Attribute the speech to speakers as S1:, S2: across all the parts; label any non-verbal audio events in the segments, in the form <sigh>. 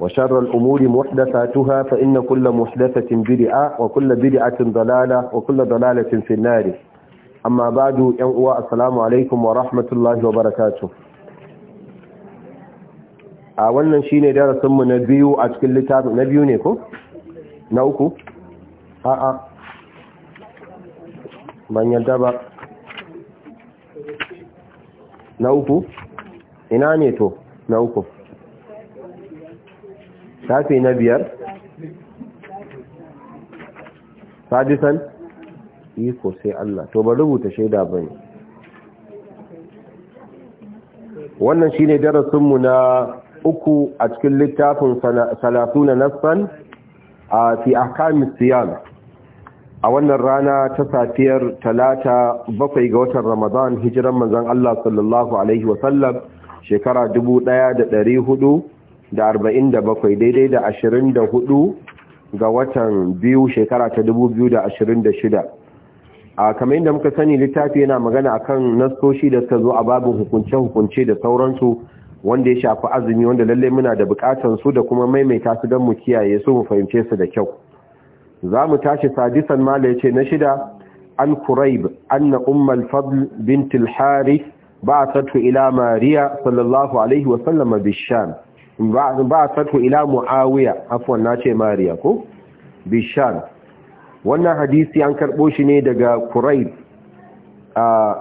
S1: وشر الأمور محدثاتها فإن كل محدثة بدعة وكل بدعة ضلالة وكل ضلالة في النار أما بعد ينقوى السلام عليكم ورحمة الله وبركاته a wannan shine darasinmu na biyu a cikin littafin na biyu ne ko na uku a'a ban yadda ba na uku ina ne to na uku
S2: shafi na biyar
S1: sadisan iko sai Allah to ba rubuta shaida bane wannan shine darasin mu na uku a cikin littafin salatuna nasan a fi ahkamis siyam a wannan rana ta safiyar talata bakwai ga watan ramadan hijiran manzon Allah sallallahu alaihi wasallam shekara huɗu. da arba'in da bakwai daidai da ashirin da hudu ga watan biyu shekara ta dubu biyu da ashirin da shida a kamar yadda muka sani littafi yana magana a kan nasoshi da suka zo a babin hukunce-hukunce da sauransu wanda ya shafi azumi wanda lallai muna da bukatan su da kuma maimaita su don mu kiyaye su mu fahimce su da kyau za mu tashi sadisan mala ya ce na shida an kuraib anna ummal fadl tilhari ba a sattu ila mariya sallallahu alaihi wa bishan ba a satu ila muawiya afwan ce mariya ko bishan wannan hadisi an karɓo shi ne daga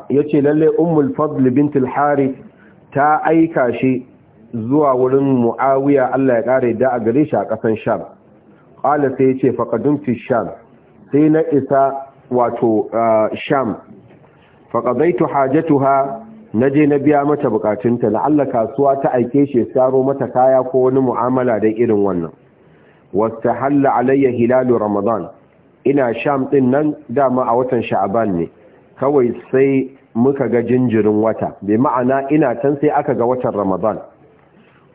S1: ya ce lalle ummul fadl bint al ta aika shi zuwa wurin muawiya Allah ya kare da a gare shi a kasan sham ƙala sai ya ce faƙadun fi sham sai na isa wato sham hajjatu ha. na je na biya mata bukatunta la'alla kasuwa ta aike shi saro mata kaya ko wani mu'amala da irin wannan wasta halla alayya hilalu ramadan ina sham din nan dama a watan sha'aban ne kawai sai muka ga jinjirin wata bai ma'ana ina can sai aka ga watan ramadan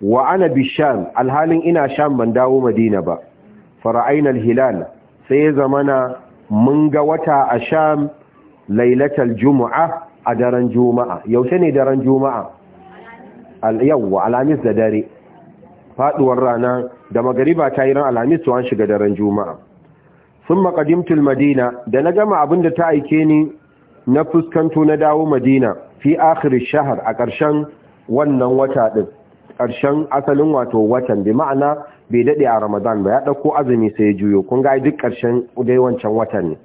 S1: wa ana bi sham alhalin ina sham ban dawo madina ba fara'aina hilal sai ya zamana mun ga wata a sham lailatar jumu'ah a daren juma'a yaushe ne daren juma'a yawwa al'amis da dare faduwar rana da magariba ta yi ran alhamis to shiga daren juma'a sun makadimtul madina da na gama abin da ta aike ni na fuskanto na dawo madina fi akhir shahar a ƙarshen wannan wata din ƙarshen asalin wato watan bi ma'ana bai daɗe a ramadan ba ya ɗauko azumi sai ya juyo kun ga duk ƙarshen dai wancan watan ne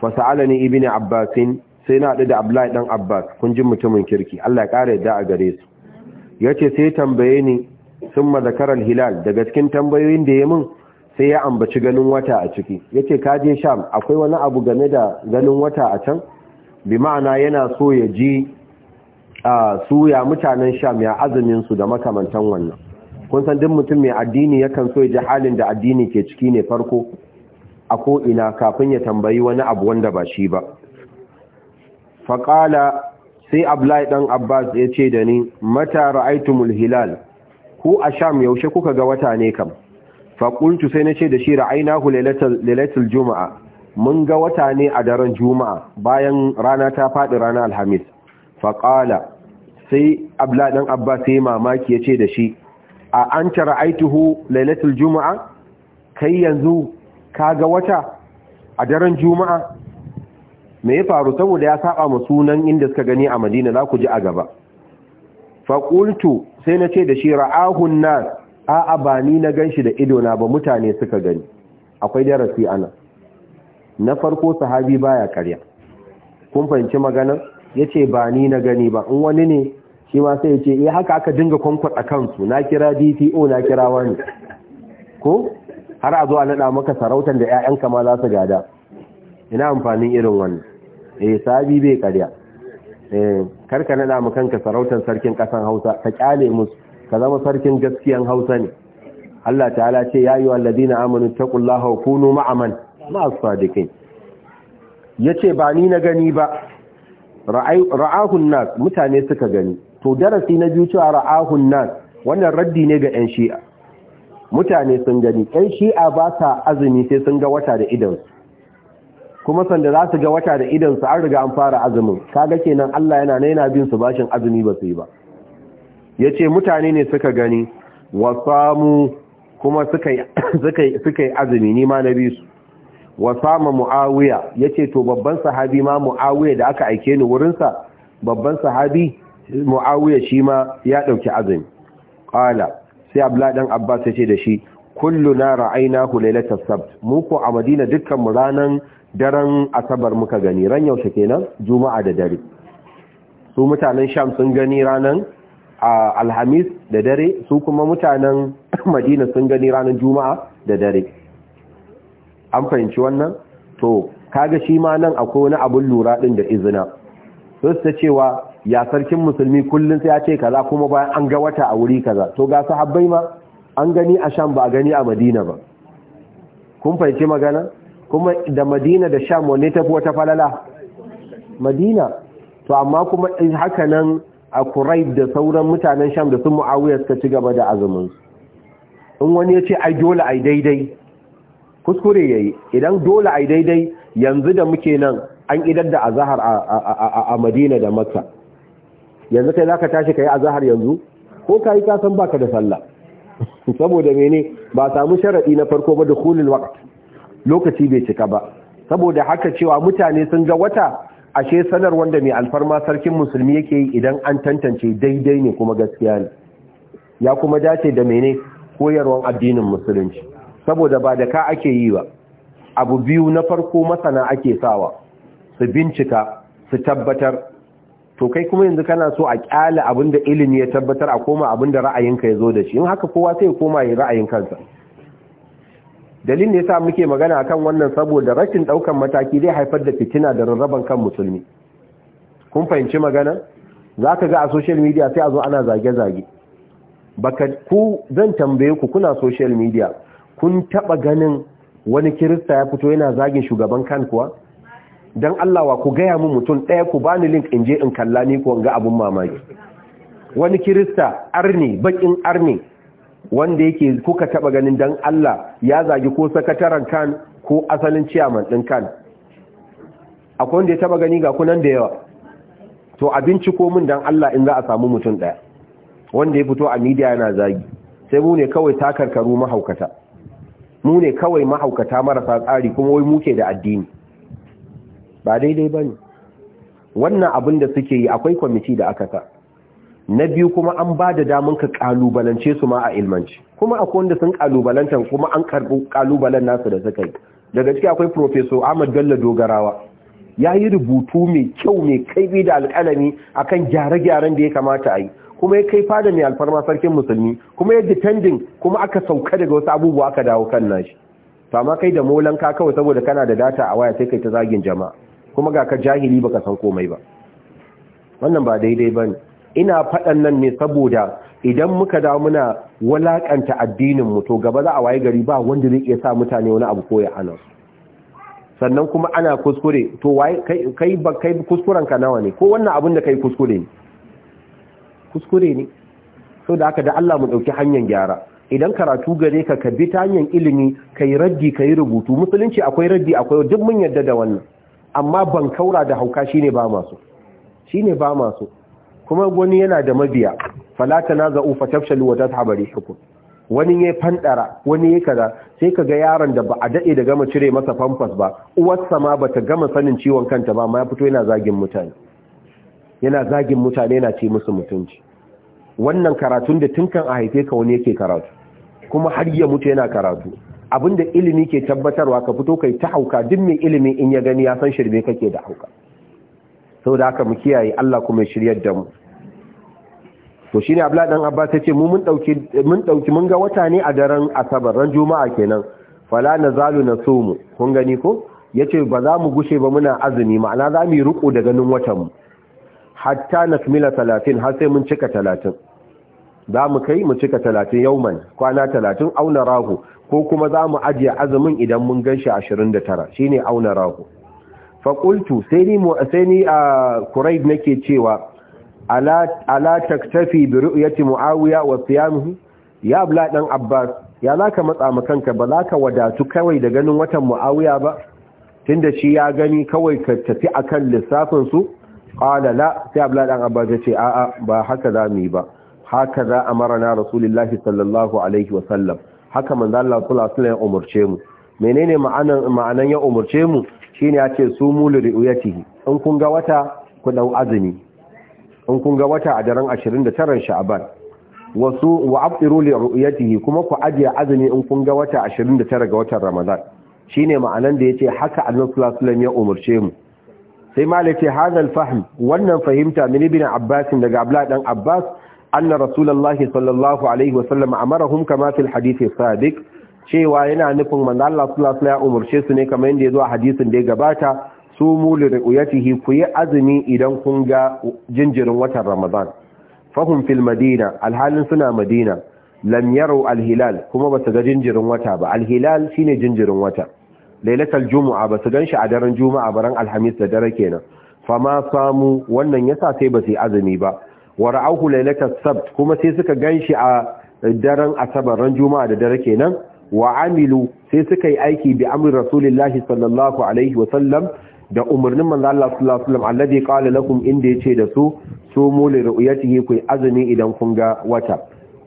S1: fasa'alani ibn abbasin sai na haɗu da Abdullahi dan Abbas kun ji mutumin kirki Allah ya ƙara yadda a gare su yace sai tambaye ni summa zakaral hilal daga cikin tambayoyin da ya mun sai ya ambaci ganin wata a ciki yace ka je Sham akwai wani abu game da ganin wata a can bi ma'ana yana so ya ji su ya mutanen Sham ya azumin su da makamantan wannan kun san duk mutum mai addini yakan so ya ji halin da addini ke ciki ne farko a ko ina kafin ya tambayi wani abu wanda ba shi ba faƙala sai Abdullahi ɗan Abbas ya ce da ni mata ra'aitumul hilal ku a sham yaushe kuka ga wata ne kam faƙultu sai na ce da shi ku lalatul juma'a mun ga wata ne a daren juma'a bayan rana ta faɗi rana alhamis faƙala sai Abdullahi ɗan Abbas ya mamaki ya ce da shi a an ta ra'aituhu lalatul juma'a kai yanzu ka ga wata a daren juma'a me ya faru saboda ya saba ma sunan inda suka gani a madina za ku ji a gaba faƙultu sai na ce da shi ra'ahun nas a'a ba ni na gan shi da na ba mutane suka gani akwai darasi ana na farko sahabi baya karya kun fahimci magana ya ce ba ni na gani ba in wani ne shi ma sai ya ce eh haka aka dinga a kansu na kira dto na kira wani ko har a zo a naɗa maka sarautar da 'ya'yanka ma za su gada ina amfanin irin wannan eh sabi bai karya eh karka nada mu kanka sarautar sarkin kasan Hausa ka kyale musu ka zama sarkin gaskiyan Hausa ne Allah ta'ala ce ya ayyuhal ladina amanu taqullaha wa kunu ma'aman ma'as sadiqin yace ba ni na gani ba ra'ahun nas mutane suka gani to darasi na biyu cewa ra'ahun nas wannan raddi ne ga yan shi'a mutane sun gani yan shi'a ba sa azumi sai sun ga wata da idansu kuma sanda za su ga wata da idan su an riga an fara azumin kaga kenan Allah yana naina bin su bashin azumi ba su yi ba yace mutane ne suka gani wa samu kuma suka <coughs> suka yi azumi ni ma na bi su wa sama muawiya yace to babban sahabi ma muawiya da aka aike ni wurin sa babban sahabi muawiya shi ma ya dauki azumi qala sai abla dan abbas yace da shi kullu na ra'aynahu lailatas sabt mu ko a madina dukkan mu ranan daren asabar muka gani ran yaushe kenan juma'a da dare su mutanen sham sun gani ranan alhamis da dare su kuma mutanen <coughs> madina sun gani ranan juma'a da dare an fahimci wannan to kaga shi ma nan akwai wani abun lura din da izina su ta cewa ya sarkin musulmi kullum sai ya ce kaza kuma bayan an ga wata a wuri kaza to ga sahabbai ma an gani a sham ba gani a madina ba kun fahimci magana kuma da madina da sham wanne tafi wata falala madina to amma kuma haka nan a kurai da sauran mutanen sham da sun mu'awiyar suka ci gaba da azumin in wani ya ce ai dole ai daidai kuskure ya yi idan dole ai daidai yanzu da muke nan an idar da azahar a madina da makka yanzu kai za ka tashi ka yi azahar yanzu ko ka yi kasan baka da sallah <laughs> saboda mene ba samu sharaɗi na farko ba da kulil waqt lokaci bai cika ba saboda haka cewa mutane sun ga wata ashe sanar wanda mai alfarma sarkin musulmi yake yi idan an tantance daidai ne kuma gaskiya ne ya kuma dace da mene koyarwan addinin musulunci saboda ba da ka ake yi ba abu biyu na farko masana ake sawa su bincika su tabbatar to kai kuma yanzu kana so a kyale abinda ilimi ya tabbatar a koma abin da ra'ayinka ya zo da shi in haka kowa sai ya koma ya ra'ayin kansa dalilin sa muke magana akan wannan saboda rashin daukan mataki zai haifar da fitina da rarraban kan musulmi kun fahimci magana zaka ga a social media sai a zo ana zage zage baka ku zan tambaye ku kuna social media kun taba ganin wani kirista ya fito yana zagin shugaban kan kuwa dan Allah wa ku gaya mun mutum ɗaya ku bani link in je in kalla ni ko ga abun mamaki wani kirista arni bakin arni wanda yake kuka taba ganin dan Allah ya zagi ko sakataren kan ko asalin ciyaman din kan akwai wanda ya taba gani ga kunan da yawa to abinci ko mun dan Allah in za a samu mutum daya wanda ya fito a media yana zagi sai mu ne kawai takarkaru mahaukata mu ne kawai mahaukata marasa tsari kuma wai muke da addini ba daidai bane wannan abin da suke yi akwai kwamiti da aka sa na biyu kuma an ba da damun ka kalubalance su ma a ilmanci kuma akwai wanda sun kalubalanta kuma an karɓi kalubalen nasu da suka yi daga ciki akwai profeso Ahmad Bello Dogarawa ya yi rubutu mai kyau mai kaibi da alƙalami akan gyare-gyaren da ya kamata a yi kuma ya kai fada mai alfarma sarkin musulmi kuma ya detending kuma aka sauka daga wasu abubuwa aka dawo kan nashi to amma kai da molan ka kawai saboda kana da data a waya sai kai ta zagin jama'a kuma ga ka jahili baka san komai ba wannan ba daidai bane ina faɗan nan ne saboda idan muka da muna walakanta mu to gaba za a waye gari ba wanda zai iya sa mutane wani abu ko ya sannan kuma ana kuskure to waye kai kai kuskuren ka nawa ne ko wannan abin da kai kuskure ne kuskure ne so da haka da Allah mu dauki hanyar gyara idan karatu gare ka ka bi ta hanyar ilimi kai raddi kai rubutu musulunci akwai raddi akwai duk mun yarda da wannan amma ban kaura da hauka shine ba masu shine ba masu kuma wani yana da mabiya na za'u fa tafshalu wa tadhhabu rihukum wani ya fandara wani ya kaza sai kaga yaron da ba a dade da gama cire masa pampers ba uwarsa ma bata gama sanin ciwon kanta ba amma ya fito yana zagin mutane yana zagin mutane yana ci musu mutunci wannan karatun da tunkan a haife ka wani yake karatu kuma har ya mutu yana karatu abinda ilimi ke tabbatarwa ka fito kai ta hauka duk mai ilimi in ya gani ya san shirme kake da hauka Sau da haka mu kiyaye Allah kuma ya shiryar da mu to shine abla dan abbas yace mu mun dauki mun dauki mun ga wata ne a daren asabar ran juma'a kenan fala nazalu nasumu kun gani ko yace ba za mu gushe ba muna azumi ma'ana za mu ruku da ganin watan mu hatta nakmila 30 har sai mun cika 30 za mu kai mu cika 30 yauman kwana 30 auna rahu ko kuma za mu ajiye azumin idan mun ganshi 29 shine auna rahu faƙultu sai ni a kuraib nake cewa ala taktafi bi ru'yati muawiya wa siyamuhu ya bla dan abbas ya zaka matsa ma kanka ba zaka wadatu kawai da ganin watan muawiya ba tunda shi ya gani kawai ka tafi akan lissafin su qala la sai bla dan abbas ya ce a'a ba haka za mu yi ba haka za amarna rasulullahi sallallahu alaihi wa sallam haka manzo Allah sallallahu alaihi wa sallam ya umurce mu menene ma'anan ma'anan ya umurce mu shine ya ce su mulu ru'yatihi in kun ga wata ku dau azumi in kun ga wata a daren 29 sha'aban wasu wa abdiru li ru'yatihi kuma ku ajiye azumi in kun ga wata 29 ga watan ramadan shine ma'anan da yace haka annabi sallallahu alaihi wasallam ya umarce mu sai ce, hadal fahm wannan fahimta min ibn abbas daga abla dan abbas anna rasulullahi sallallahu alaihi wasallam amarahum kama fil hadith Sadiq. cewa yana nufin manzo Allah sallallahu alaihi wasallam umurce su ne kamar yadda ya zo a hadisin da ya gabata su muli ru'yatihi ku yi azumi idan kun ga jinjirin watan Ramadan fahum fil madina alhalin suna madina lam yaru alhilal kuma ba su ga jinjirin wata ba alhilal shine jinjirin wata lailatul jumu'a ba su shi a daren juma'a ran alhamis da dare kenan fa ma samu wannan yasa sai ba su azumi ba wara'ahu lailatul sabt kuma sai suka gan shi a daren asabar ran juma'a da dare kenan wa amilu sai suka yi aiki bi amri rasulillahi sallallahu alaihi wa sallam da umarnin manzo Allah sallallahu alaihi alladhi qala lakum inda yace da su sumu li ru'yatihi ku azumi idan kun ga wata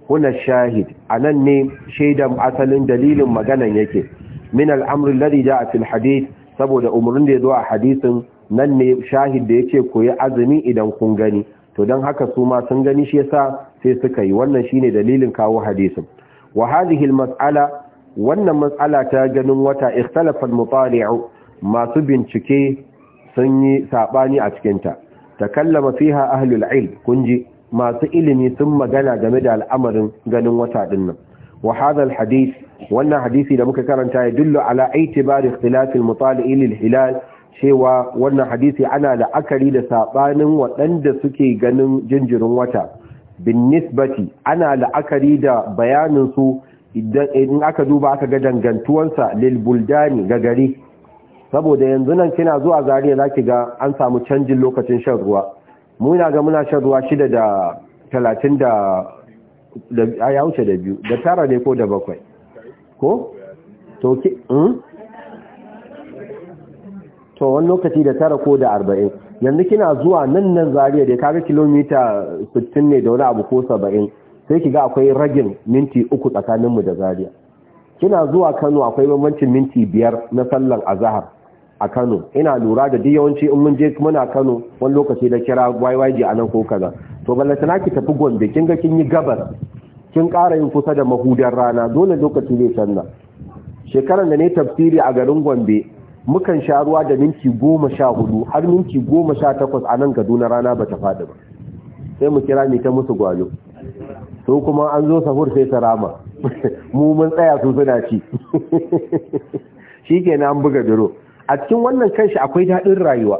S1: Huna shahid anan ne shaidan asalin dalilin maganan yake min al-amr alladhi ja'a fil hadith saboda umarnin da ya zo a hadisin nan ne shahid da yace ku azumi idan kun gani to don haka su ma sun gani shi yasa sai suka yi wannan shine dalilin kawo hadisin wa hadhihi al-mas'ala wannan matsala ta ganin wata ikhtalafal mutali'u masu bincike sun yi sabani a cikinta. ta takallama fiha ahlul ilm kunji masu ilimi sun magana game da al'amarin ganin wata dinnan wa hadha alhadith wannan hadisi da muka karanta ya dullu ala itibari ikhtilafil mutali'i lil hilal cewa wannan hadisi ana la'akari da sabanin waɗanda suke ganin jinjirin wata bin nisbati ana la'akari da bayanin su in aka duba aka ga dangantuwansa lil buldani ga gari saboda yanzu nan kina zuwa zariya zaki ga an samu canjin lokacin shan ruwa mu ina ga muna shan ruwa shida da talatin da ya wuce da biyu da tara ne ko da bakwai ko? to ki hmm? to wani lokaci da tara ko da arba'in yanzu kina zuwa nan nan zariya da kaga kilomita 60 ne da wani abu ko saba'in sai ki ga akwai ragin minti uku tsakaninmu da zariya kina zuwa Kano akwai bambancin minti biyar na sallan azahar a Kano ina lura da duk yawanci in mun je muna Kano wani lokaci da kira YYG a nan ko kaza to ballata na ki tafi Gombe kin ga kin yi gabar kin ƙara yin kusa da mahudar rana dole lokaci zai canza shekaran da ne tafsiri a garin Gombe mukan sha ruwa da minti goma sha hudu har minti goma sha takwas a nan Kaduna rana ba ta faɗi ba sai mu kira ni ta musu gwalo so kuma an zo sahur sai ta rama <laughs> mu mun tsaya su suna ci <laughs> shi kenan an buga duro a cikin wannan kanshi akwai daɗin rayuwa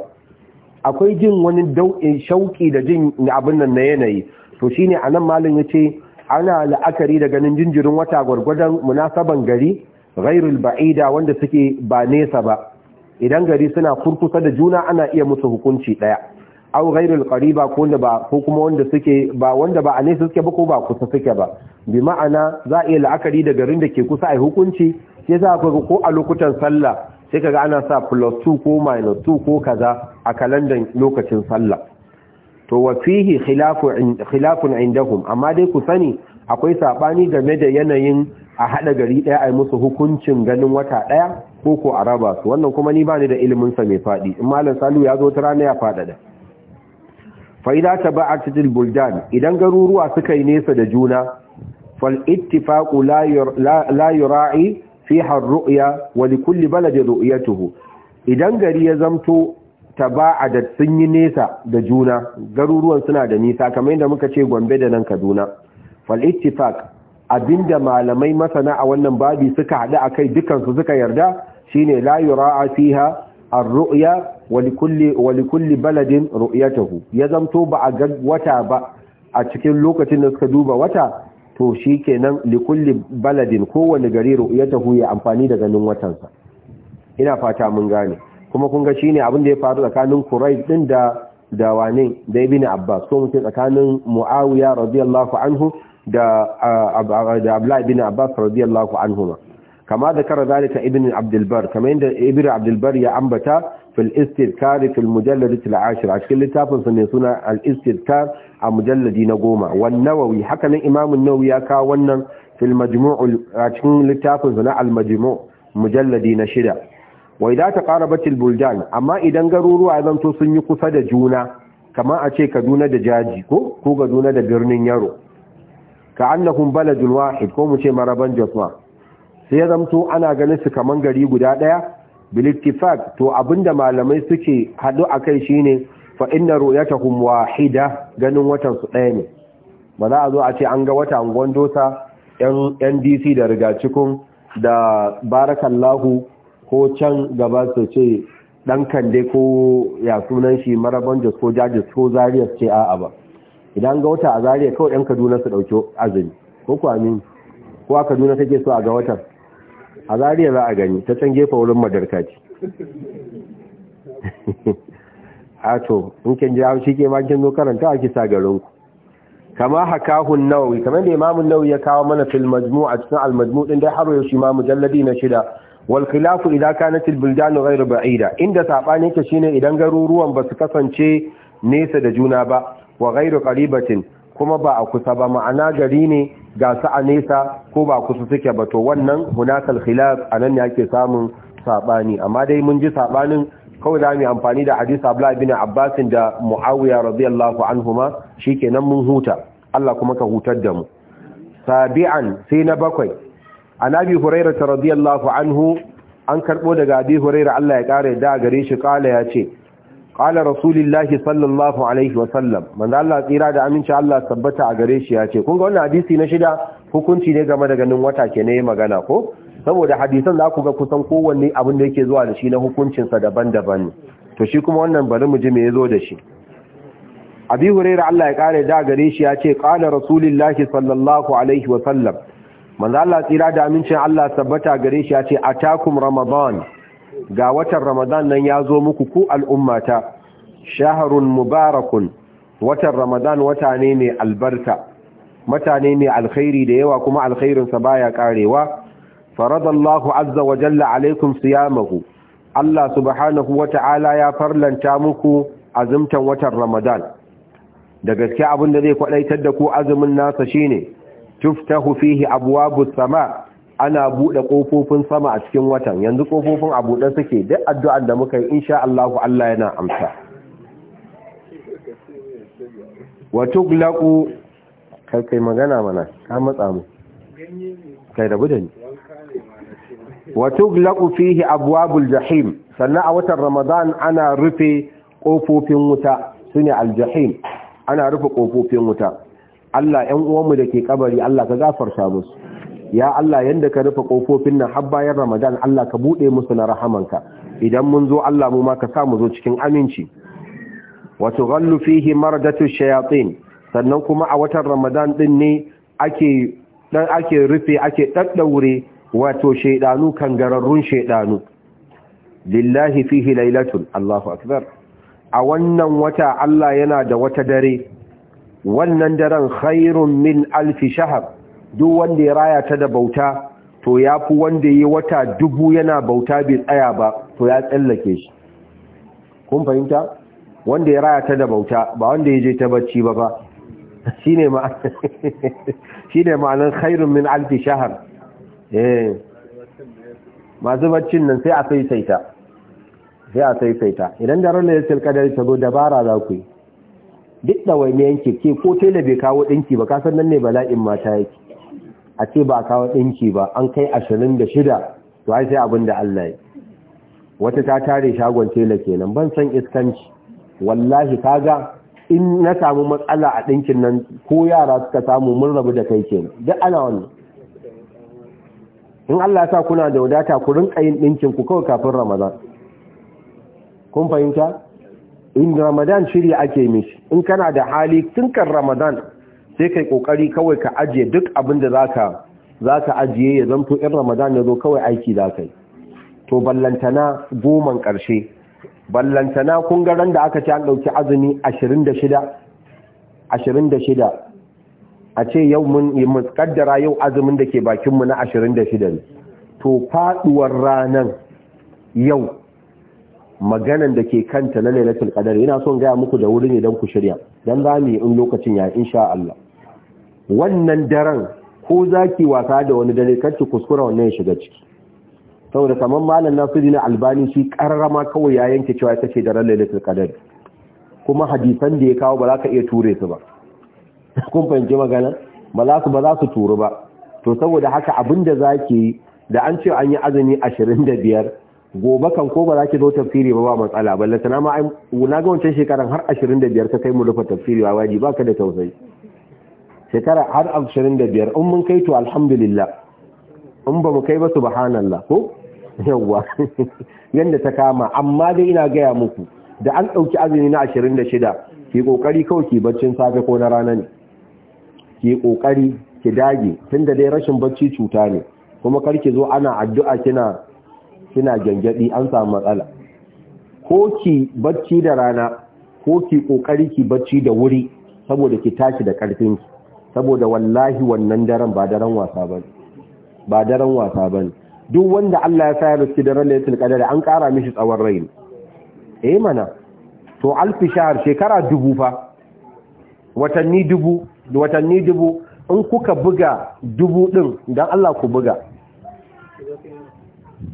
S1: akwai jin wani dau'in shauƙi da jin abin nan na yanayi to shine anan malam ce ana la'akari da ganin jinjirin wata gwargwadon munasaban gari ghairul ba'ida wanda suke ba nesa ba idan gari suna kurkusa da juna ana iya musu hukunci ɗaya. aw ghairul qariba ko wanda ba ko kuma wanda suke ba wanda ba a ne suke ba ko ba kusa suke ba bi ma'ana za a iya la'akari da garin da ke kusa ai hukunci sai za ku ko a lokutan sallah sai kaga ana sa plus 2 ko minus 2 ko kaza a kalandan lokacin sallah to wa fihi khilafun indahum amma dai ku sani akwai sabani game da yanayin a hada gari daya ai musu hukuncin ganin wata daya ko ko a raba su wannan kuma ni bani da ilimin sa mai fadi in malam salu ya zo ta rana ya fada fa'ida ta ba a cikin buldan idan garuruwa suka yi nesa da juna fal'ittifaƙu layura'i fi harru'ya wani kulli baladin ru'yatuhu idan gari ya zamto ta ba a da sun yi nesa da juna garuruwan suna da nisa kamar yadda muka ce gombe da nan kaduna fal'ittifak abinda malamai masana a wannan babi suka haɗu a kai dukansu suka yarda shine layura'a fiha الرؤيا walikulli baladin ru'yatahu ya zamto ba a ga wata ba a cikin lokacin da suka duba wata to shi kenan likulli baladin kowane gari ru'yatahu ya amfani da ganin watansa ina fata mun gane kuma kun ga shine abin da ya faru tsakanin Quraysh din da da wane da Ibn Abbas So mutum tsakanin Muawiya radiyallahu anhu da da Abdullah ibn Abbas radiyallahu anhu kama da kara zalika Ibn Abdul kamar yadda Ibn Abdul ya ambata fil istidkar fil mujallad al ashir a cikin littafin sa ne suna al istidkar a mujalladi na goma wan nawawi haka nan imam an-nawawi ya kawo wannan fil majmu' a cikin littafin sa na al majmu' mujalladi na shida wa ta taqarabat al buldan amma idan garuruwa zan to sun yi kusa da juna kamar a ce Kaduna da Jaji ko ko Kaduna da birnin Yaro ka annahum baladun wahid ko mu ce maraban jasma sai ya zamto ana ganin su kaman gari guda daya bilittifak to abinda malamai suke haɗu a kai shi ne fa'inna ru'yatahum wahida ganin watan su ɗaya ne ba za a zo a ce an ga wata angon yan dc da riga cikun da barakallahu ko can gaba su ce ɗan kande ko ya sunan shi maraban jos ko jajis ko zariyar ce a'a ba idan ga wata a zariya kawai 'yan kaduna su ɗauki azumi ko ko a kaduna take so a ga watan a zariya za a gani ta can gefe wurin madarka ce
S2: <laughs>
S1: a to in kin ji haushi ke ma zo karanta a kisa garin ku kama hakahun Naui, kamar da imamun Naui ya kawo mana fil majmu' a cikin al din dai haro yau shi ma mujalladi na shida wal khilafu idan kana til buldan ghayr ba'ida inda sabani yake shine idan garuruwan ba su kasance nesa da juna ba wa ghayr qaribatin kuma ba a kusa ba ma'ana gari ne ga su a nesa ko ba kusa suke ba to wannan hunakal khilaf anan ne ake samun sabani amma dai mun ji saɓanin kawai da mu amfani da hadisi Abdullah ibn Abbas da Muawiya radiyallahu anhuma shikenan mun huta Allah kuma ka hutar da mu sabi'an sai na bakwai anabi hurairah radiyallahu anhu an karbo daga abi hurairah Allah ya kare da gare shi kala ya ce qala rasulullahi sallallahu alaihi wa sallam manzo Allah tsira da aminci Allah tabbata a gare shi ya ce kun ga wannan hadisi na shida hukunci ne game da ganin wata ke ne magana ko saboda hadisan za ku ga kusan kowanne abin da yake zuwa da shi na hukuncinsa daban-daban ne to shi kuma wannan bari mu ji me yazo da shi abi hurairah Allah ya kare da gare shi ya ce qala rasulullahi sallallahu alaihi wa sallam manzo Allah tsira da amincin Allah tabbata gare shi ya atakum ramadan ga watan ramadan nan ya zo muku ku al'ummata shaharun mubarakun watan ramadan wata ne mai albarka mutane ne alkhairi da yawa kuma alkhairinsa baya karewa faradallahu azza wa jalla alaikum siyamahu Allah subhanahu wata'ala ya farlanta muku azumtan watan Ramadan da gaske abin da zai kwadaitar da ku azumin nasa shine tuftahu fihi abwabus sama ana buɗe ƙofofin sama a cikin watan yanzu ƙofofin a buɗe suke duk addu'ar da muka yi sha Allah Allah yana amsa Wato gulaƙo, kai kai magana mana ka matsa mu kai da fihi abwabul jahim sannan a watan Ramadan ana rufe ƙofofin wuta su ne aljahim ana rufe ƙofofin wuta Allah ‘yan uwanmu da ke ƙabari, Allah ka gafarta musu ya Allah yanda ka rufe kofofin nan har bayan Ramadan Allah ka bude musu na rahamanka idan mun zo Allah mu ma ka sa mu zo cikin aminci wa tughallu fihi maradatu shayatin sannan kuma a watan Ramadan din ne ake dan ake rufe ake daddaure wato shaydanu gararrun shaydanu lillahi fihi lailatun Allahu akbar a wannan wata Allah yana da wata dare wannan daren khairun min alfi shahar duk wanda ya raya ta da bauta to ya fi wanda ya wata dubu yana bauta bai tsaya ba to ya tsallake shi kun fahimta wanda ya raya ta da bauta ba wanda ya je ta bacci ba ba shi ne ma'anar khairun min alfi shahar eh. masu baccin nan sai a saisaita sai a saisaita idan da ranar yasil kadari ta zo dabara za ku yi duk da wani yanki ke ko tela bai kawo ɗinki ba kasar nan ne bala'in mata yake a ce ba a kawo ɗinki ba an kai ashirin da shida to ai sai abin da Allah ya wata ta tare shagon tela kenan ban san iskanci wallahi kaga in na samu matsala a ɗinkin nan ko yara suka samu mun rabu da kai kenan duk ana wannan in Allah sa kuna da wadata ku rinka yin ɗinkin ku kawai kafin Ramadan kun fahimta in Ramadan shiri ake mishi in kana da hali tun kan Ramadan sai kai kokari kawai ka ajiye duk abin da zaka zaka ajiye ya zanto in ramadan ya zo kawai aiki za kai to ballantana goman karshe ballantana kun ga ran da aka ci an dauki azumi 26 26 a ce yau mun mu muskaddara yau azumin da ke bakin mu na 26 to faduwar ranan yau maganan da ke kanta na lailatul qadar ina son gaya muku da wuri ne dan ku shirya dan zamu yi in lokacin ya insha Allah wannan daren ko za zaki wasa da wani dare kacci kuskura wannan ya shiga ciki saboda kamar malam nasiru na albani shi karrama kawai ya yanke cewa ita ce ran lailatul qadar kuma hadisan da ya kawo ba za ka iya ture su ba kun fahimci magana ba za su ba za su turu ba to saboda haka abin da za ki yi da an ce an yi azumi ashirin da gobe kan ko ba za ki zo tafsiri ba ba matsala balle sana ma na ga wancan shekaran har ashirin da biyar ka kai mu rufe tafsiri wa waji ba ka da tausayi shekara har ashirin da biyar, in mun kai to alhamdulillah in ba mu kai ba subhanallah ko yawwa <laughs> yadda ta kama amma dai ina gaya muku da an ɗauki azumi na ashirin da shida, ki ƙoƙari kawai ki baccin safe ko na rana ne ki ƙoƙari ki dage da dai rashin bacci cuta ne kuma karki zo ana addu'a kina kina gyangyaɗi an samu matsala ko ki bacci da rana ko ki ƙoƙari ki bacci da wuri saboda ki tashi da ƙarfinki. saboda wallahi wannan daren ba daren wasa bane ba daren wasa bane duk wanda Allah ya sa ya da daren lailatul qadar an kara mishi tsawon rai eh mana to alfi shahr shekara dubu fa watanni dubu watanni dubu in kuka buga dubu din dan Allah ku buga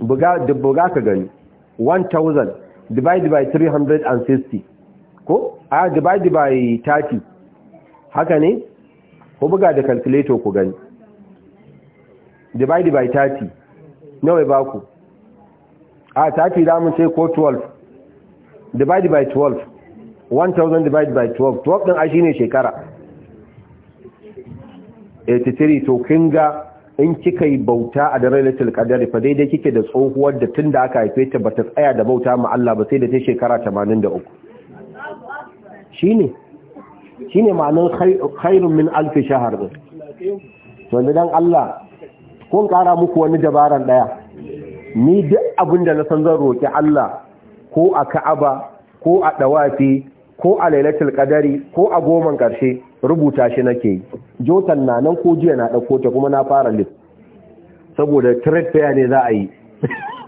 S1: buga ka gani 1000 divide by 360 ko a ah, divide by 30 haka ne ko buga da calculator ku gani divide by 30 nawa ba ku a 30 za mu ce ko 12 divide by 12 1000 divide by 12 12 din a shine shekara 83 to kin ga in kika yi bauta a daren lailatul qadari fa daidai kike da tsohuwar da tun da aka haife ta ba ta tsaya da bauta ma Allah ba sai da ta shekara 83 shine Shi ne ma'anin khairun min alfi shahar ɗin wanda don Allah kun kara muku wani dabaran ɗaya, ni duk abin da na san zan roƙi Allah ko a Ka'aba ko a Ɗawafi, ko a lailatul ƙadari, ko a goman ƙarshe, rubuta shi nake jotan na nan ko jiya na ɗauko ta kuma na fara lif. saboda trade ne za a yi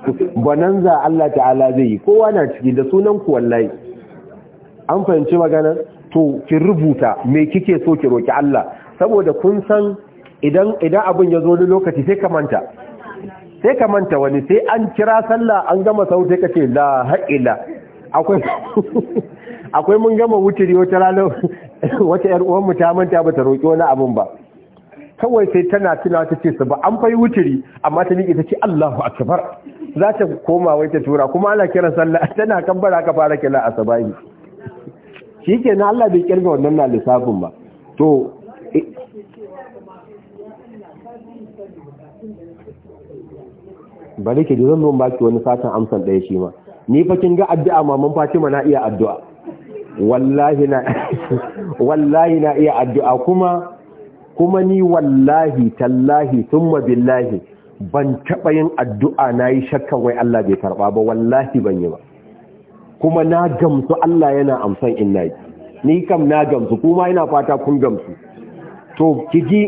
S1: <laughs> bananza Allah ta'ala zai yi kowa na ciki da sunan ku an fahimci maganar to ki rubuta me kike so ki roki Allah saboda kun san idan idan abin ya zo lokaci sai ka manta sai ka manta wani sai an kira sallah an gama sau sai ka ce la haila akwai <laughs> akwai mun gama wuturi wata rana <laughs> wata yar uwan mu ta manta ba ta roki wani abin ba kawai sai tana tuna ta ce su ba an fai wuturi amma ta miƙe ta ce Allahu akbar za ta koma wai ta tura kuma ana kiran sallah <laughs> tana kambara ka fara kila asabai shi na Allah bai kirga wannan na lissafin ba to
S2: e, bari ke zan ba baki wani satan amsan ɗaya shi ma ni fakin ga addu'a maman Fatima na iya addu'a <laughs>
S1: wallahi na iya addu'a kuma kuma ni wallahi tallahi thumma billahi ban taɓa yin addu'a na yi shakka wai Allah bai karɓa ba wallahi ban yi ba kuma na gamsu Allah yana amsan inna yi ni kam na gamsu kuma yana fata kun gamsu to kiji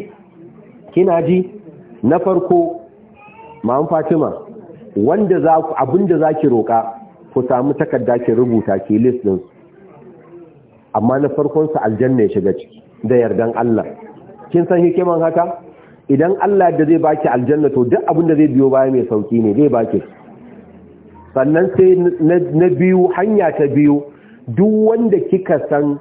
S1: kina ji na farko ma'am Fatima wanda za ku abinda zaki roƙa ku samu takarda ki rubuta ki list amma na farkon aljanna ya shiga ciki da yardan Allah kin san hikiman haka idan Allah da zai baki aljanna to duk abinda zai biyo baya mai sauki ne zai baki sannan sai na biyu hanya ta biyu duk wanda kika san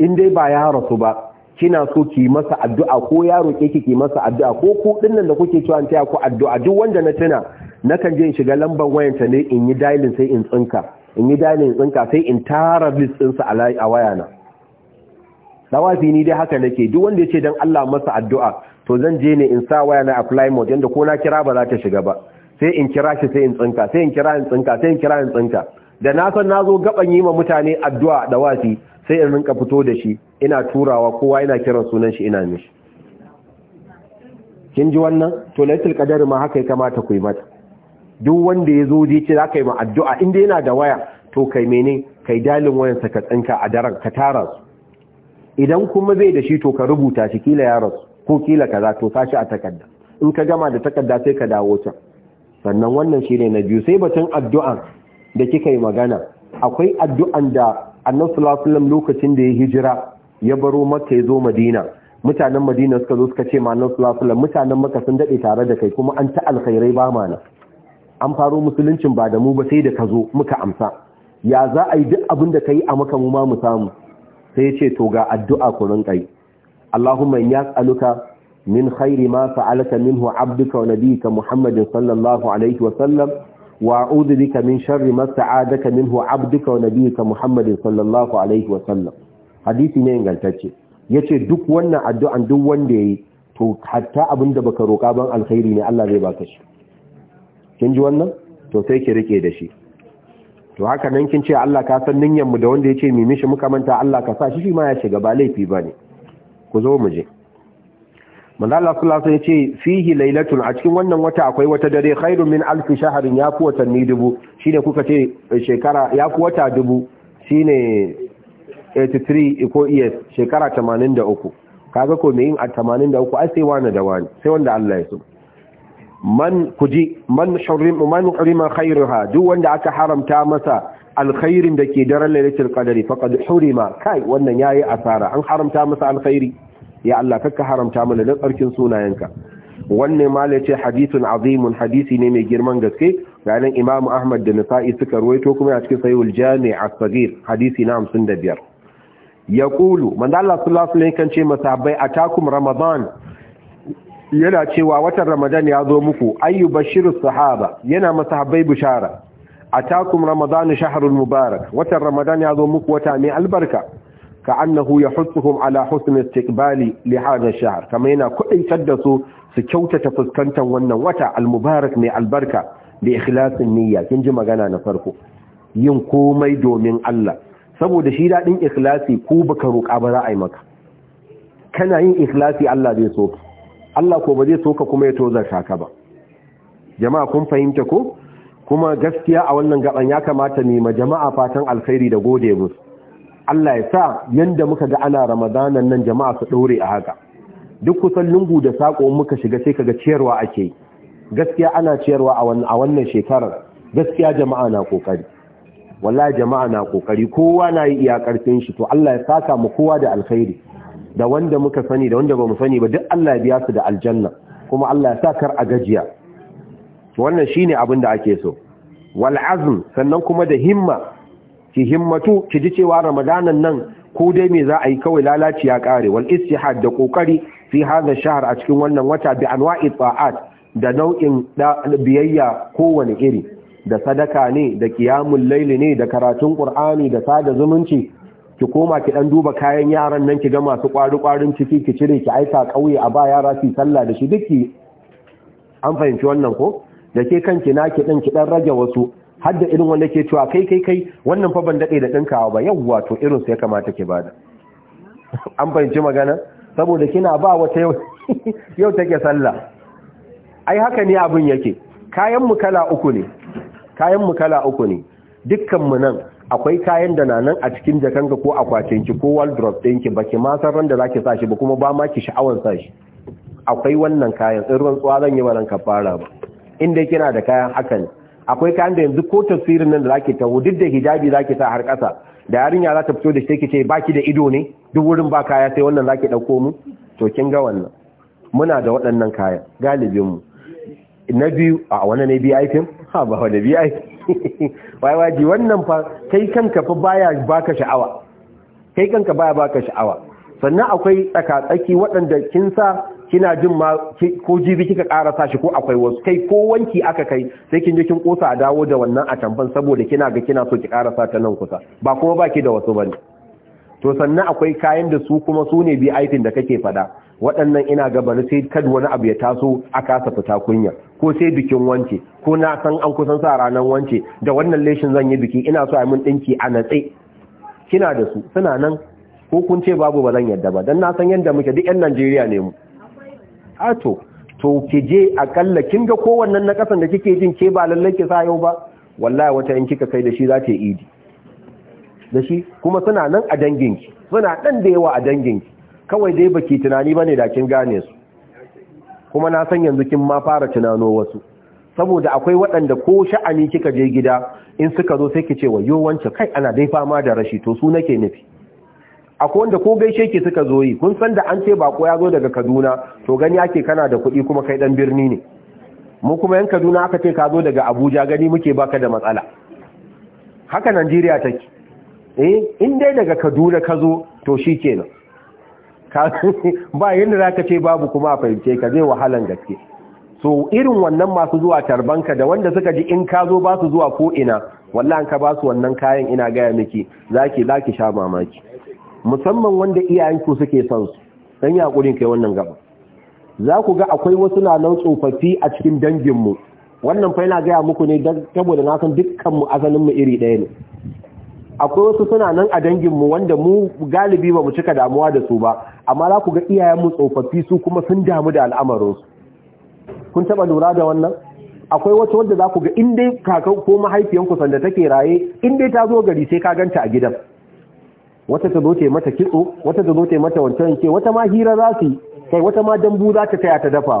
S1: in dai ba ya rasu ba kina so ki masa addu'a ko ya roƙe ki ki masa addu'a ko ku dinnan da kuke cewa ta ku addu'a duk wanda na tuna nakan je in shiga lambar wayanta ne in yi dialing sai in tsinka in yi dialing tsinka sai in tara list din a wayana dawafi ni dai haka nake duk wanda yace dan Allah masa addu'a to zan je ne in sa wayana apply mode yanda ko na kira ba za ta shiga ba sai in kira shi sai in tsinka sai in kira in tsinka sai in kira in tsinka da na san nazo gaban yi ma mutane addu'a da wasi sai in rinka fito da shi ina turawa kowa ina kiran sunan shi ina mishi kin ji wannan to laitul qadari ma haka ya kamata ku yi mata duk wanda ya zo ji ce za ka yi ma addu'a in inda yana da waya to kai mene kai dalin wayansa ka tsinka a daren ka tara idan kuma zai da shi to ka rubuta shi kila ya rasu ko kila kaza to sashi a takarda in ka gama da takarda sai ka dawo can sannan wannan shi ne na biyu sai batun addu'an da kika yi magana akwai addu'an da a nan lokacin da ya hijira ya baro maka ya zo madina mutanen madina suka zo suka ce ma annabi sallallahu mutanen maka sun daɗe tare da kai kuma an ta alkhairai ba mana an faro musuluncin ba da mu ba sai da ka zo muka amsa ya za a yi duk abin da ka yi a maka mu ma mu samu sai ya ce to ga addu'a ku rinka Allahumma in yas'aluka من خير ما فعلت منه عبدك ونبيك محمد صلى الله عليه وسلم وأعوذ بك من شر ما استعاذك منه عبدك ونبيك محمد hadisi ne ingantacce yace duk wannan addu'an duk wanda yayi to hatta abin da baka roka ban alkhairi ne Allah zai baka shi kin ji wannan to sai ki rike da shi to haka nan kin ce Allah ka san niyyar mu da wanda yace mi mishi muka manta Allah ka sa shi shi ma ya shiga ba laifi bane ku zo mu je manzo Allah sallallahu alaihi wasallam yace fihi lailatun a cikin wannan wata akwai wata dare khairu min alf shahrin fi watanni dubu shine kuka ce shekara fi wata dubu shine 83 ko years shekara 83 kaga ko me yin a 83 ai sai wani da wani sai wanda Allah ya so man kuji man shurrim man harima khairuha duk wanda aka haramta masa alkhairin da ke daren lailatul qadari faqad hurima kai wannan yayi asara an haramta masa alkhairi ya Allah kakka haramta mana da tsarkin sunayenka wannan mala yace hadithun azimun hadisi ne mai girman gaske ga nan Imam Ahmad da Nasa'i suka ruwaito kuma ya cikin Sahihul Jami' as-Saghir hadisi na 55 kulu manda Allah sallallahu alaihi kan ce masabai atakum ramadan yana cewa watan ramadan ya zo muku bashiru sahaba yana masahabbai bishara atakum ramadan shahrul mubarak watan ramadan ya zo muku wata mai albarka ka annahu ya ala husn istiqbali li hadha shahr kama yana kudaitar da su su kyautata fuskantar wannan wata al-mubarak mai albarka da ikhlasin niyya kin ji magana na farko yin komai domin Allah saboda shi dadin ikhlasi ku baka roƙa ba za a yi maka kana yin ikhlasi Allah zai so Allah ko ba zai so ka kuma ya toza ka ba jama'a kun fahimta ko kuma gaskiya a wannan gaban ya kamata ne ma jama'a fatan alkhairi da gode musu Allah ya sa yanda muka ga ana ramadanan nan jama'a su dore a haka duk kusan lungu da sako muka shiga sai kaga ciyarwa ake gaskiya ana ciyarwa a wannan shekarar gaskiya jama'a na kokari wallahi jama'a na kokari kowa na yi iya karfin shi to Allah ya saka mu kowa da alkhairi da wanda muka sani da wanda bamu sani ba duk Allah ya biya su da aljanna kuma Allah ya sa kar a gajiya to wannan shine abin da ake so wal azm sannan kuma da himma ki himmatu ki ji cewa ramadanan nan ko dai me za a yi kawai lalaci ya kare wal istihad da kokari fi hadha shahar a cikin wannan wata bi anwa'i ta'at da nau'in biyayya kowane iri da sadaka ne da qiyamul layli ne da karatun qur'ani da sada zumunci ki koma ki dan duba kayan yaran nan ki ga masu kwari kwarin ciki ki cire ki aika kauye a ba yara su sallah da shi duki an fahimci wannan ko da ke kanki naki din ki dan rage wasu hadda irin wanda ke cewa kai kai kai wannan fa ban dade da dinka ba yawa to irin sai kamata ke bada an fahimci magana saboda kina ba wata yau <laughs> yau take sallah ai haka ne abin yake kayan mu kala uku ne kayan mu kala uku ne dukkan mu nan akwai kayan da na nan a cikin jakan jakanka ko akwatin ki ko wardrobe ki, baki ma san ran da zaki sa shi ba kuma ba ma ki sha'awar sa shi akwai wannan kayan tsirran ruwan tsawa zan yi ba ka fara ba inda kina da kayan haka ne akwai kayan da yanzu ko tafsirin nan da zaki ta duk da hijabi zaki sa har ƙasa da yarinya za ta fito da shi take ce baki da ido ne duk wurin ba kaya sai wannan zaki dauko mu to kin ga wannan muna da waɗannan kaya galibin mu na biyu a wannan ne biyu aikin ha ba wani biyu aiki? wai waji wannan fa kai kanka fa baya baka sha'awa kai kanka baya baka sha'awa sannan akwai tsaka tsaki waɗanda kin sa kina jin ma ko jibi kika karasa shi ko akwai wasu kai ko wanki aka kai sai kin je kin kosa a dawo da wannan a tamban saboda kina ga kina so ki sa ta nan kusa ba kuma baki da wasu bane to sannan akwai kayan da su kuma su ne bi aikin da kake fada waɗannan ina ga bari sai kad wani abu ya taso a kasa fita kunya ko sai bikin wance ko na san an kusan sa ranar wance da wannan leshin zan yi biki ina so a min dinki a natse kina da su suna nan ko kun ce babu ba zan yadda ba dan na san yadda muke duk yan Najeriya ne mu ato to ki je akalla kin ga kowannen na kasan da kike jin ke ba lallai ki sa yau ba wallahi wata in kika kai da shi za ta yi idi da shi kuma suna nan a dangin ki? suna dan da yawa a dangin ki? kawai dai baki tunani bane da kin gane su kuma na san yanzu kin ma fara tunano wasu saboda akwai waɗanda ko sha'ani kika je gida in suka zo sai ki ce wa yo wance kai ana dai fama da rashi to su nake nufi akwai wanda ko gaishe ki suka zo yi kun san da an ce bako ya zo daga Kaduna to gani ake kana da kuɗi kuma kai ɗan birni ne mu kuma yan Kaduna aka ce ka zo daga Abuja gani muke baka da matsala haka Najeriya take eh in dai daga Kaduna ka zo to shikenan ka <laughs> ba yanda zaka ce babu kuma a fahimce ka zai wahalan gaske so irin wannan masu zuwa tarbanka da wanda suka ji in ka zo ba su zuwa ko ina wallahi ka ba su wannan kayan ina gaya miki zaki zaki sha mamaki musamman wanda iyayenku suke son su dan yi kai wannan gaba za ku ga akwai wasu lalan tsofaffi a cikin danginmu wannan fa yana gaya muku ne saboda na san dukkanmu mu iri ɗaya ne akwai wasu suna nan a danginmu wanda mu galibi ba mu cika damuwa da su ba amma za ku ga iyayenmu tsofaffi su kuma sun damu da su kun taɓa lura da wannan akwai wata wanda za ku ga in dai kakan ko mahaifiyanku sanda take raye in dai ta zo gari sai ka ganta a gidan wata ta zo ta mata kitso wata ta zo ta mata wancan ke wata ma hira za su kai wata ma dambu za ta taya ta dafa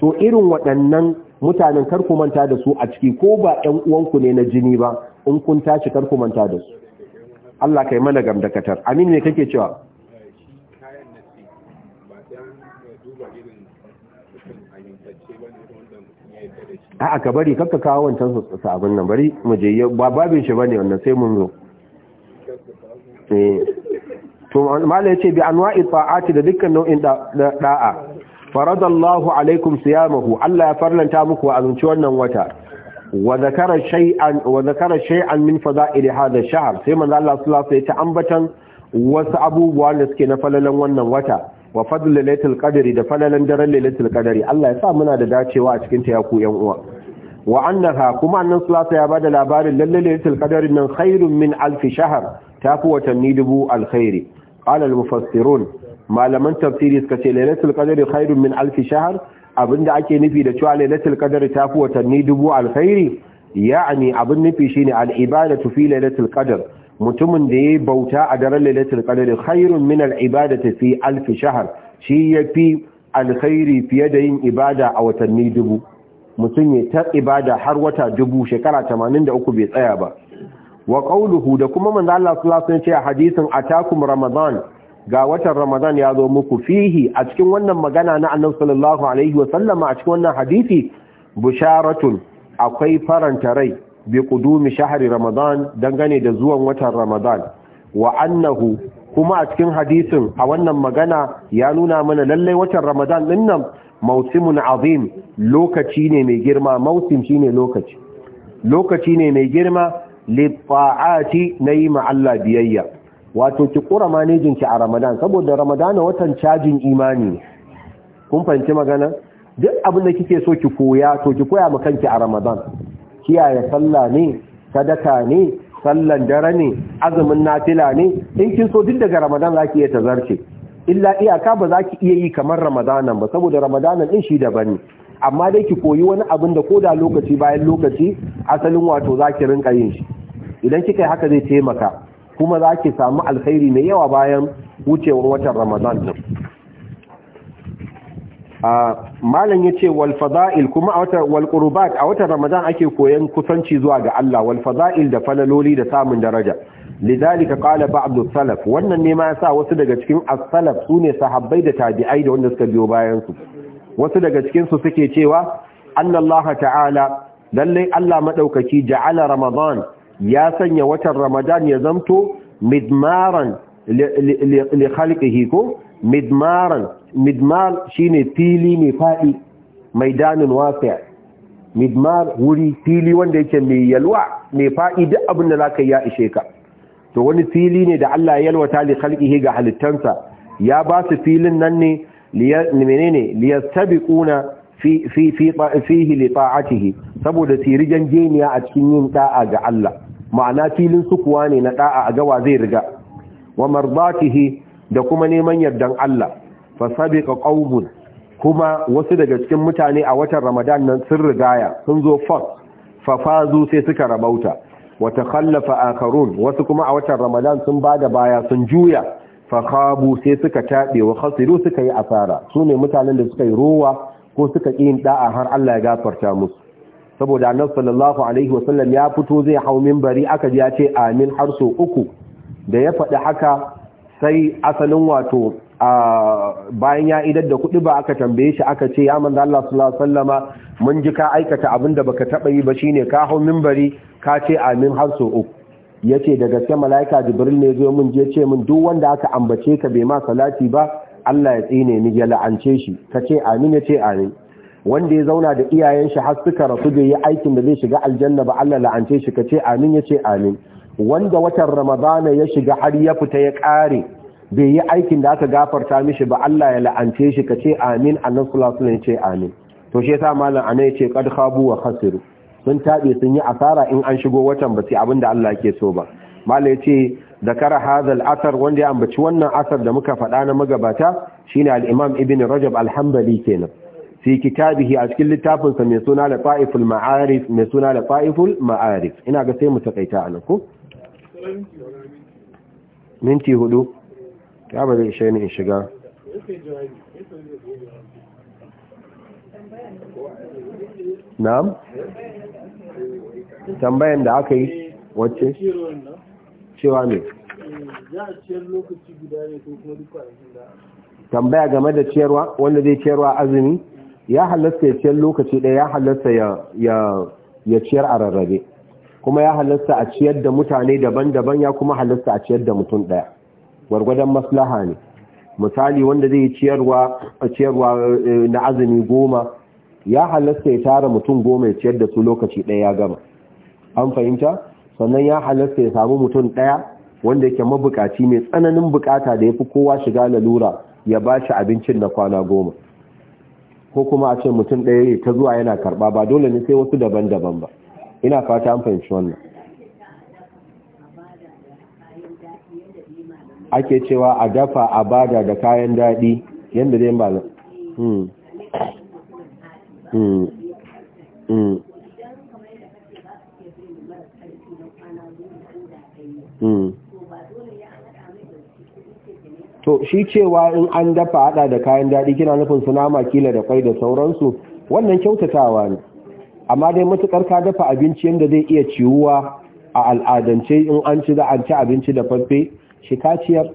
S1: to irin waɗannan mutanen kar ku manta da su a ciki ko ba ƴan uwanku ne na jini ba in kun tashi kar ku manta da su Allah kai mana gam da katar amin ne kake cewa a'a ka bari kakka kawo wancan su abin nan bari mu je ba babin shi bane wannan sai mun zo Eh. to malai yace bi anwa'i ta'ati da dukkan nau'in ɗa'a faradallahu alaikum siyamahu Allah ya farlanta muku azumci wannan wata wa zakara shay'an min fada'il hada shahar. sai manzo Allah sallallahu alaihi wasallam ambatan wasu abubuwa da suke na falalan wannan wata wa fadl lailatul qadri da falalan daren lailatul qadri Allah ya sa muna da dacewa a cikin ta ya ku yan uwa wa annaha kuma annan sallallahu ya bada labarin lalle lailatul qadri nan khairun min alf shahr tafi watanni dubu alkhairi qala mufassirun malaman tafsiri suka ce lailatul qadri khairun min alf shahr abinda ake nufi da cewa lailatul qadri tafi watanni dubu alkhairi ya'ani abin nufi shine al-ibadatu fi lailatul qadr mutumin da yayi bauta a daren lailatul qadri khairun min al-ibadati fi alf shahr shi yafi alkhairi fiye da yin ibada a watanni dubu mutum ya ta ibada har wata dubu shekara 83 bai tsaya ba wa qawluhu da kuma manzo Allah sallallahu alaihi wasallam ce a hadisin atakum ramadan ga watan ramadan ya zo muku fihi a cikin wannan magana na annabi sallallahu alaihi wasallam a cikin wannan hadisi busharatun akwai faranta rai bi qudumi shahri ramadan dangane da zuwan watan ramadan wa annahu kuma a cikin hadisin a wannan magana ya nuna mana lallai watan ramadan din nan mausimun azim lokaci ne mai girma mausim shine lokaci lokaci ne mai girma litta'ati na yi Allah biyayya wato ki kura ki a ramadan saboda Ramadan watan cajin imani kun fahimci magana duk abin da kike so ki koya to ki koya ma kanki a ramadan kiyaye sallah ne sadaka ne sallan dare ne azumin nafila ne in kin so duk daga ramadan zaki iya tazarce illa iyaka ba zaki iya yi kamar Ramadan ba saboda Ramadan din shi daban ne amma dai ki koyi wani abin da koda lokaci bayan lokaci asalin wato za ki rinka yin shi idan kika yi haka zai taimaka kuma za ki samu alkhairi mai yawa bayan wucewar watan ramadan din malam ya ce wal fada'il kuma a watan wal qurbat a watan ramadan ake koyan kusanci zuwa ga Allah wal fada'il da falaloli da samun daraja lidalika qala ba'd salaf wannan ne ma yasa wasu daga cikin as-salaf sune sahabbai da tabi'ai da wanda suka biyo bayan su wasu daga cikinsu suke cewa annallaha ta'ala lallai Allah maɗaukaki ja'ala ramadan ya sanya watan ramadan ya zamto midmaran li khalqihi ko midmaran midmar shine fili mai fadi maidanin wasi midmar wuri fili wanda yake mai yalwa mai faɗi duk abin da zaka ya ishe ka to wani fili ne da Allah ya yalwata li khalqihi ga halittansa ya ba su filin nan ne menene liyastabiquna fi fi fi fihi li ta'atihi saboda sirijan jeniya a cikin yin da'a ga Allah ma'ana filin sukuwa ne na da'a a gawa zai riga wa mardatihi da kuma neman yardan Allah fa sabiqa qaumun kuma wasu daga cikin mutane a watan Ramadan nan sun rigaya sun zo fast fa fazu sai suka rabauta wa takhallafa akharun wasu kuma a watan Ramadan sun bada baya sun juya fakabu sai suka taɓe wa khasiru suka yi asara su ne mutanen da suka yi rowa ko suka ƙi da'a har Allah ya gafarta musu saboda annabi sallallahu alaihi sallam ya fito zai hau minbari aka ji ya ce amin har so uku da ya faɗi haka sai asalin wato bayan ya idar da kuɗi ba aka tambaye shi aka ce ya manzo Allah sallallahu alaihi sallama mun ji ka aikata abin da baka taɓa yi ba shine ka hau minbari ka ce amin har so uku ya ce da gaske mala'ika jibril ne zo mun je ce mun duk wanda aka ambace ka bai ma salati ba Allah ya tsine ni ya la'ance shi ka ce amin ya ce amin wanda ya zauna da iyayen shi har suka rasu da yi aikin da zai shiga aljanna ba Allah la'ance shi ka ce amin ya ce amin wanda watan ramadana ya shiga har ya fita ya kare bai yi aikin da aka gafarta mishi ba Allah ya la'ance shi ka ce amin annabi sallallahu alaihi wasallam ya ce amin to shi yasa malam anai ya ce qad khabu wa khasiru sun taɓe sun yi asara in an shigo watan ba su abin da Allah ke so ba mala ya ce da kara hazal asar wanda ya ambaci wannan asar da muka faɗa na magabata shine ne al’imam ibn rajab al-hanbali kenan fi kitabihi a cikin littafinsa mai suna da fa'iful ma'arif mai suna da fa'iful ma'arif ina ga sai mu taƙaita a nan minti hudu ya ba zai ne in shiga
S2: na'am tambayan da aka yi wacce
S1: cewa ne tambaya game da ciyarwa wanda zai ciyarwa azumi ya halasta ya ciyar lokaci ɗaya ya halasta ya ciyar a rarrabe kuma ya halasta a ciyar da mutane daban-daban ya kuma halasta a ciyar da mutum ɗaya gwargwadon maslaha ne misali wanda zai ciyarwa ciyarwa eh, na azumi goma ya halasta ya tara mutum goma ya ciyar da su lokaci ɗaya ya gama an fahimta sannan ya halatta ya samu mutum ɗaya wanda yake mabukaci mai tsananin bukata da ya fi kowa shiga lalura ya ba shi abincin na kwana goma ko kuma a ce mutum ɗaya ne ta zuwa yana karɓa ba dole ne sai wasu daban-daban ba ina fata an fahimci wannan ake cewa a dafa a bada da kayan daɗi yadda dai ba hmm. hmm. hmm. Hmm. to shi cewa in an dafa hada da kayan daɗi kina nufin su nama kila da kwai da sauransu wannan kyautatawa ne amma dai matukar ka dafa abinci yadda zai iya ciwuwa a al'adance in an ci da an ci abinci da faffe shi kaciyar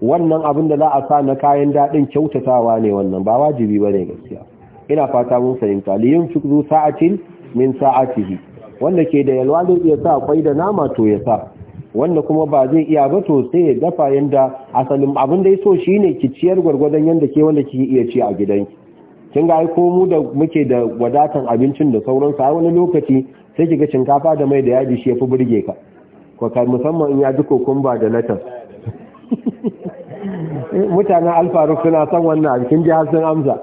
S1: wannan abin da za a sa na kayan daɗin kyautatawa ne wannan ba wajibi ba ne gaskiya ina fata mun fahimta liyin fi sa'atin min sa'atihi wanda ke da yalwa zai iya sa kwai da nama to ya sa wanda kuma ba zai iya ba to sai ya dafa yanda asalin abin da ya so shine ki ciyar gwargwadon yanda ke wanda kike iya ci a gidanki kin ga ko mu da muke da wadatan abincin da sauransu a wani lokaci sai kiga shinkafa da mai da yaji shi yafi burge ka ko kai musamman in ya ji kokumba da latas <laughs> mutanen alfaru suna son wannan kin ji har sun amsa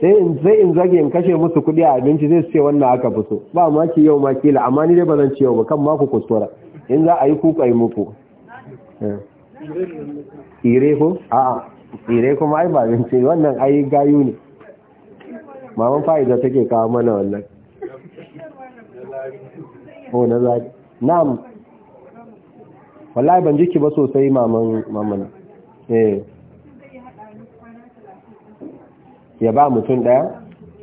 S1: sai in sai in zage in kashe musu kuɗi a abinci zai ce wannan aka fi so ba ma ki yau ma kila amma ni dai ba zan ci yau ba kan ma ku kuskura in za a yi kuka yi muku eh. ire ko? a ire kuma ai ba ce wannan ai gayu ne
S2: maman fa'ida take
S1: kawo mana wannan o oh, na za na'am wallahi ban jiki ba sosai maman mamana eh ya ba mutum ɗaya?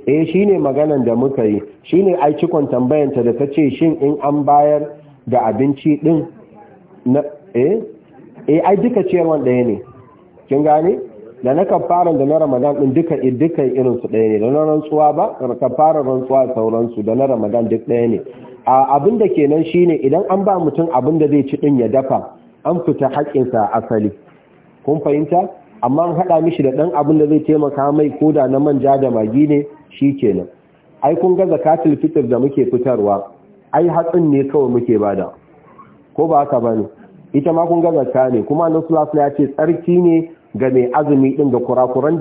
S1: eh shine maganan da muka yi shine ai cikon tambayanta da ta ce shin in an bayar da abinci din eh, eh ai duka ciyarwan ɗaya ne kin gane da na kafaran da na ramadan din duka duka irin su ɗaya ne da na rantsuwa ba da kafaran rantsuwa sauransu da na ramadan duk ɗaya ne abin da kenan shine idan an ba mutum abin da zai ci din ya dafa an fita sa asali kun fahimta amma an haɗa mishi da ɗan abin da zai taimaka mai koda na manja da magi ne shi kenan ai kun ga zakatul fitr da muke fitarwa ai hatsin ne kawai muke bada ko ba haka bane ita ma kun ga ta ne kuma Allah ya ce tsarki ne ga mai azumi din ga kurakuran da